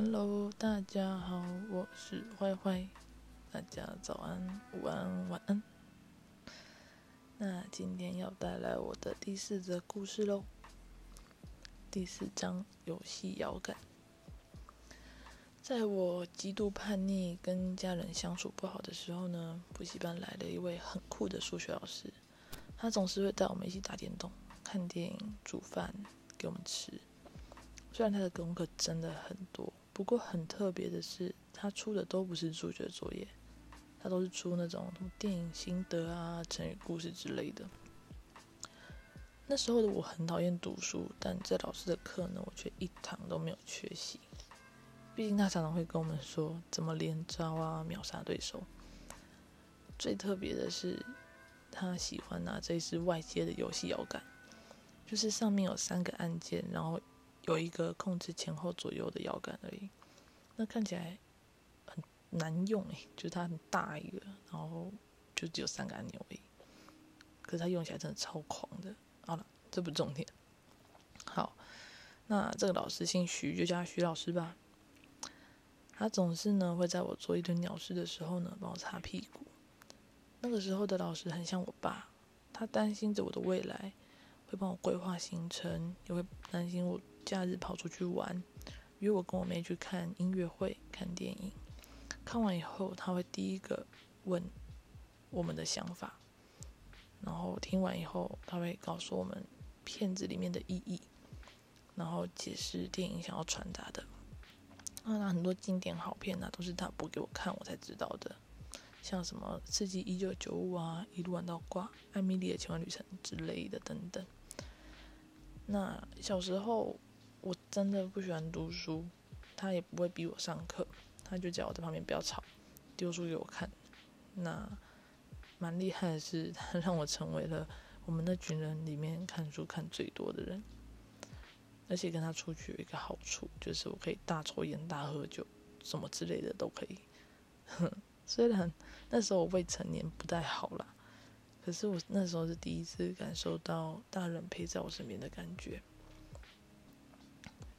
Hello，大家好，我是壞壞。大家早安、午安、晚安。那今天要帶來我的第四則故事嘍。第四章：遊戲搖桿。在我極度叛逆、跟家人相處不好的時候呢，補習班來了一位很酷的數學老師。他總是會帶我們一起打電動、看電影、煮飯給我們吃。雖然他的功課真的很多。不過很特別的是，他出的都不是數學作業，他都是出那種電影心得啊、成語故事之類的。那時候的我很討厭讀書，但這老師的課呢，我卻一堂都沒有缺席。畢竟他常常會跟我們說怎麼連招啊、秒殺對手。最特別的是，他喜歡拿這支外接的遊戲搖桿，就是上面有三個按鍵，然後。有一個控制前後左右的搖桿而已，那看起來很難用、欸、就是它很大一個，然後就只有三個按鈕而已。可是它用起來真的超狂的。好了，這不重點。好，那這個老師姓徐，就叫徐老師吧。他總是呢會在我做一堆鳥事的時候呢幫我擦屁股。那個時候的老師很像我爸，他擔心着我的未來，會幫我規劃行程，也會擔心我假日跑出去玩，約我跟我妹去看音樂會、看電影。看完以後，她會第一個問我們的想法，然後聽完以後，她會告訴我們片子裡面的意義，然後解釋電影想要傳達的、啊。那很多經典好片吶、啊，都是她播給我看，我才知道的，像什麼《刺激一九九五》啊，《一路玩到掛》《艾米麗的奇幻旅程》之類的等等。那小時候。我真的不喜歡讀書，他也不會逼我上課，他就叫我在旁邊不要吵，丟書給我看。那蠻厲害的是，他讓我成為了我們那群人裡面看書看最多的人。而且跟他出去有一個好處，就是我可以大抽煙、大喝酒，什麼之類的都可以呵呵。雖然那時候我未成年不太好啦，可是我那時候是第一次感受到大人陪在我身邊的感覺。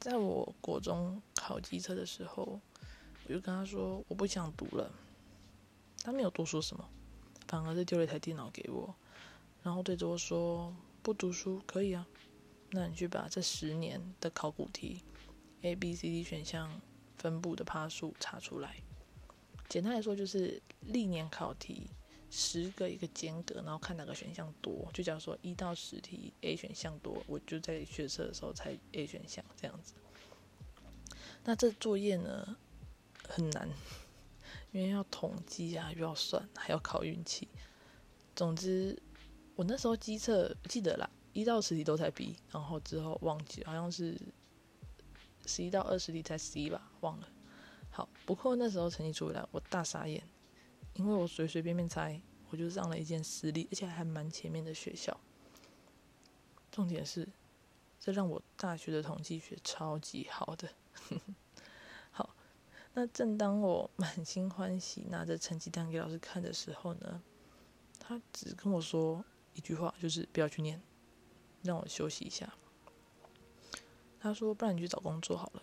在我國中考基測的時候，我就跟他說我不想讀了，他沒有多說什麼，反而是丟了一台電腦給我，然後對着我說，不讀書可以啊，那你去把這十年的考古題 A、B、C、D 選項分布的趴數查出來。簡單來說就是歷年考題。十個一個間隔，然後看哪個選項多，就假如說一到十題 A 選項多，我就在學測的時候猜 A 選項這樣子。那這作業呢很難，因為要統計啊，又要算，還要靠運氣。總之，我那時候機測不記得了啦，一到十題都猜 B，然後之後忘記，好像是十一到二十題猜 C 吧，忘了。好，不過那時候成績出來，我大傻眼。因為我隨隨便便猜，我就上了一間私立，而且還，還蠻前面的學校。重點是，這讓我大學的統計學超級好的。呵呵。好，那正當我滿心歡喜拿着成績單給老師看的時候呢，他只跟我說一句話，就是不要去念，讓我休息一下。他說：“不然你去找工作好了。”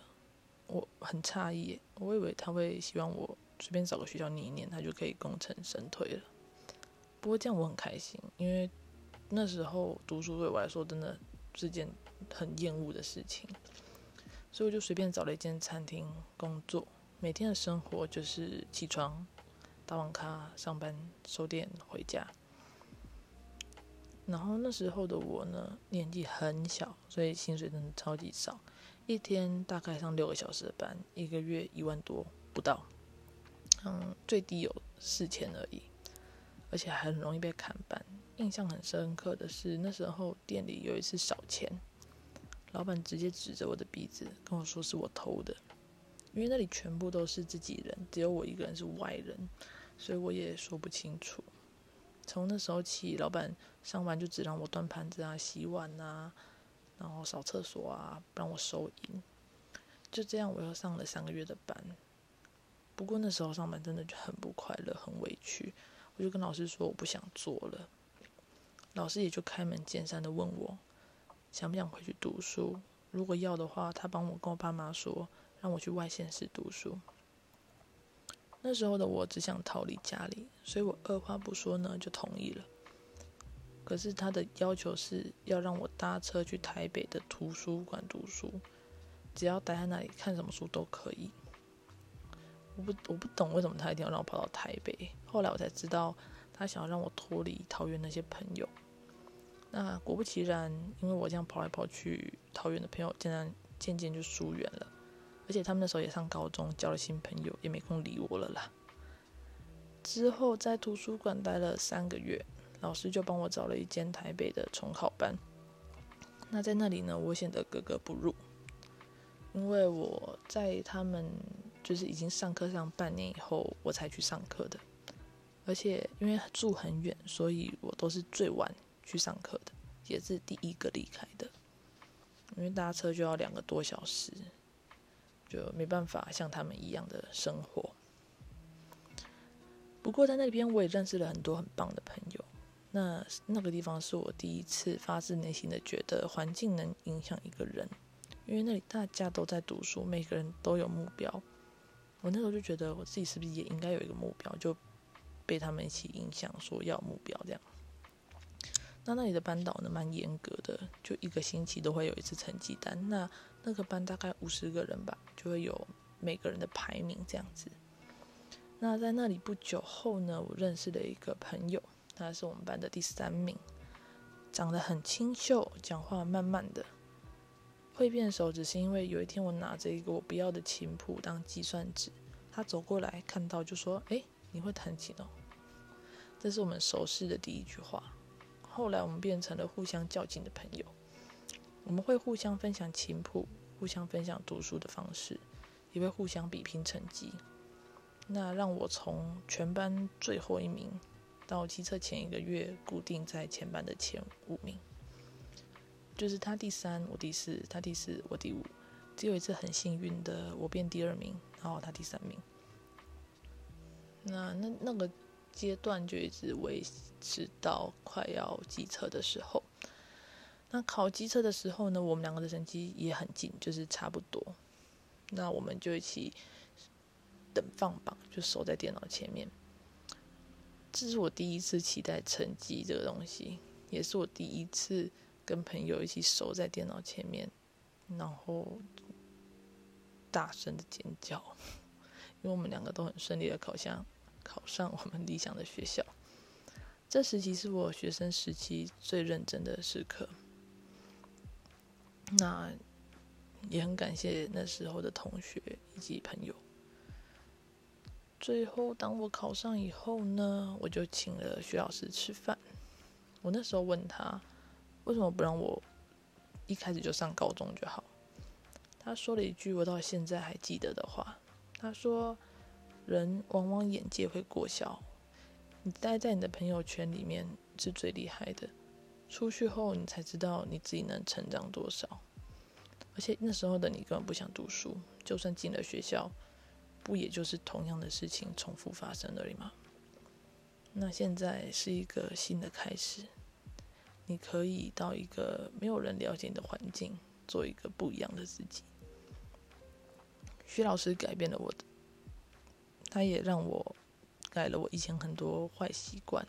我很詫異，我以為他會希望我。隨便找個學校念一念，他就可以功成身退了。不過這樣我很開心，因為那時候讀書對我來說真的是，是件很厭惡的事情，所以我就隨便找了一間餐廳工作。每天的生活就是起床、打網咖、上班、收店、回家。然後那時候的我呢，年紀很小，所以薪水真的超級少，一天大概上六個小時的班，一個月一萬多不到。嗯，最低有四千而已，而且還很容易被砍班。印象很深刻的是，那時候店裡有一次少錢，老闆直接指着我的鼻子跟我說是我偷的，因為那裡全部都是自己人，只有我一個人是外人，所以我也說不清楚。從那時候起，老闆上班就只讓我端盤子啊、洗碗啊，然後掃廁所啊，不讓我收銀。就這樣，我又上了三個月的班。不過那時候上班真的就很不快樂，很委屈。我就跟老師說我不想做了，老師也就開門見山的問我想不想回去讀書。如果要的話，他幫我跟我爸媽說，讓我去外縣市讀書。那時候的我只想逃離家裡，所以我二話不說呢就同意了。可是他的要求是要讓我搭車去台北的圖書館讀書，只要待在那裡看什麼書都可以。我不我不懂為什麼他一定要讓我跑到台北，後來我才知道他想要讓我脫離桃園那些朋友。那果不其然，因為我這樣跑來跑去，桃園的朋友竟然漸漸就疏遠了，而且他們那時候也上高中，交了新朋友，也沒空理我了啦。之後在圖書館待了三個月，老師就幫我找了一間台北的重考班。那在那裡呢，我顯得格格不入，因為我在他們。就是已經上課上半年以後，我才去上課的。而且因為住很遠，所以我都是最晚去上課的，也是第一個離開的。因為搭車就要兩個多小時，就沒辦法像他們一樣的生活。不過在那邊，我也認識了很多很棒的朋友。那那個地方是我第一次發自內心的覺得環境能影響一個人，因為那裡大家都在讀書，每個人都有目標。我那時候就覺得，我自己是不是也應該有一個目標？就被他們一起影響，說要目標這樣。那那裡的班導呢，蠻嚴格的，就一個星期都會有一次成績單。那那個班大概五十個人吧，就會有每個人的排名這樣子。那在那裡不久後呢，我認識了一個朋友，他是我們班的第三名，長得很清秀，講話慢慢的。會變熟，只是因為有一天我拿着一個我不要的琴譜當計算紙，他走過來看到就說：“哎，你會彈琴哦。”這是我們熟識的第一句話。後來我們變成了互相較勁的朋友，我們會互相分享琴譜，互相分享讀書的方式，也會互相比拼成績。那讓我從全班最後一名，到基測前一個月固定在前班的前五名。就是他第三，我第四；他第四，我第五。只有一次很幸運的，我變第二名，然後他第三名。那那那個階段就一直維持到快要基測的時候。那考基測的時候呢，我們兩個的成績也很近，就是差不多。那我們就一起等放榜，就守在電腦前面。這是我第一次期待成績這個東西，也是我第一次。跟朋友一起守在電腦前面，然後大聲的尖叫，因為我們兩個都很順利的考上考上我們理想的學校。這時期是我學生時期最認真的時刻。那也很感謝那時候的同學以及朋友。最後，當我考上以後呢，我就請了徐老師吃飯。我那時候問他。為什麼不讓我一開始就上高中就好？他說了一句我到現在還記得的話。他說：“人往往眼界會過小，你待在你的朋友圈裡面是最厲害的，出去後你才知道你自己能成長多少。而且那時候的你根本不想讀書，就算進了學校，不也就是同樣的事情重複發生而已嗎？那現在是一個新的開始。”你可以到一個沒有人了解你的環境，做一個不一樣的自己。徐老師改變了我，他也讓我改了我以前很多壞習慣，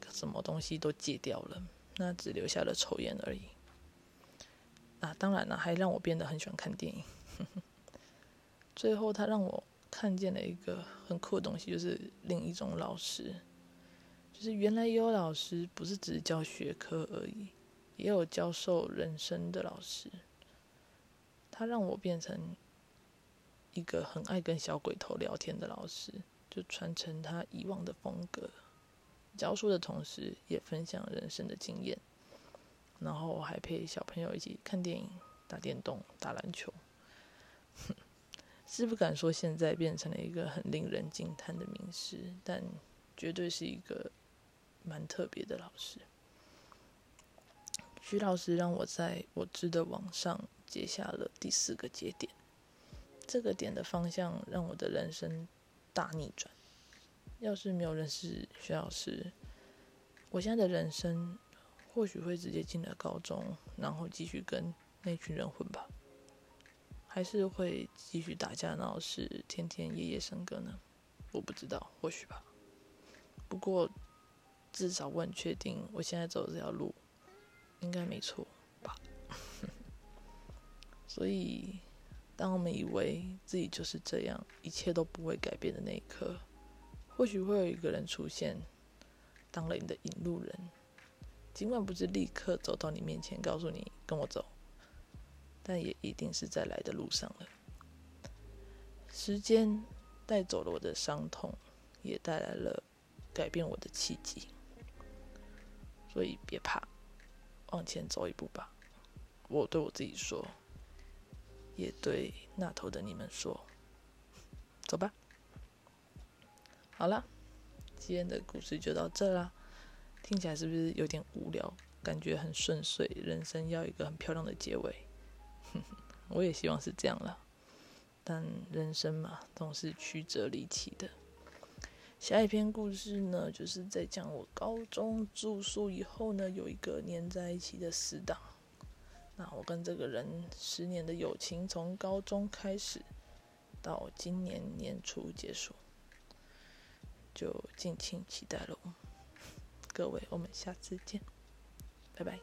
可什麼東西都戒掉了，那只留下了抽煙而已。那、啊、當然了、啊，還讓我變得很喜歡看電影。 最後，他讓我看見了一個很酷的東西，就是另一種老師。是原來有老師不是只是教學科而已，也有教授人生的老師。他讓我變成一個很愛跟小鬼頭聊天的老師，就傳承他以往的風格，教書的同時也分享人生的經驗，然後還陪小朋友一起看電影、打電動、打籃球。是不敢說現在變成了一個很令人驚嘆的名師，但絕對是一個。蠻特別的老師，徐老師讓我在我織的網上結下了第四個節點。這個點的方向讓我的人生大逆轉。要是沒有認識徐老師，我現在的人生或許會直接進了高中，然後繼續跟那群人混吧？還是會繼續打架鬧事，天天夜夜笙歌呢？我不知道，或許吧。不過。至少我很確定，我現在走的這條路應該沒錯吧？ 所以，當我們以為自己就是這樣，一切都不會改變的那一刻，或許會有一個人出現，當了你的引路人。儘管不是立刻走到你面前告訴你“跟我走”，但也一定是在來的路上了。時間帶走了我的傷痛，也帶來了改變我的契機。所以別怕，往前走一步吧，我對我自己說，也對那頭的你們說，走吧。好了，今天的故事就到這了，聽起來是不是有點無聊？感覺很順遂，人生要一個很漂亮的結尾，哼哼，我也希望是這樣了。但人生嘛，總是曲折離奇的。下一篇故事呢，就是在講我高中住宿以後呢，有一個黏在一起的死黨。那我跟這個人十年的友情，從高中開始到今年年初結束，就敬請期待嘍。各位，我們下次見，拜拜。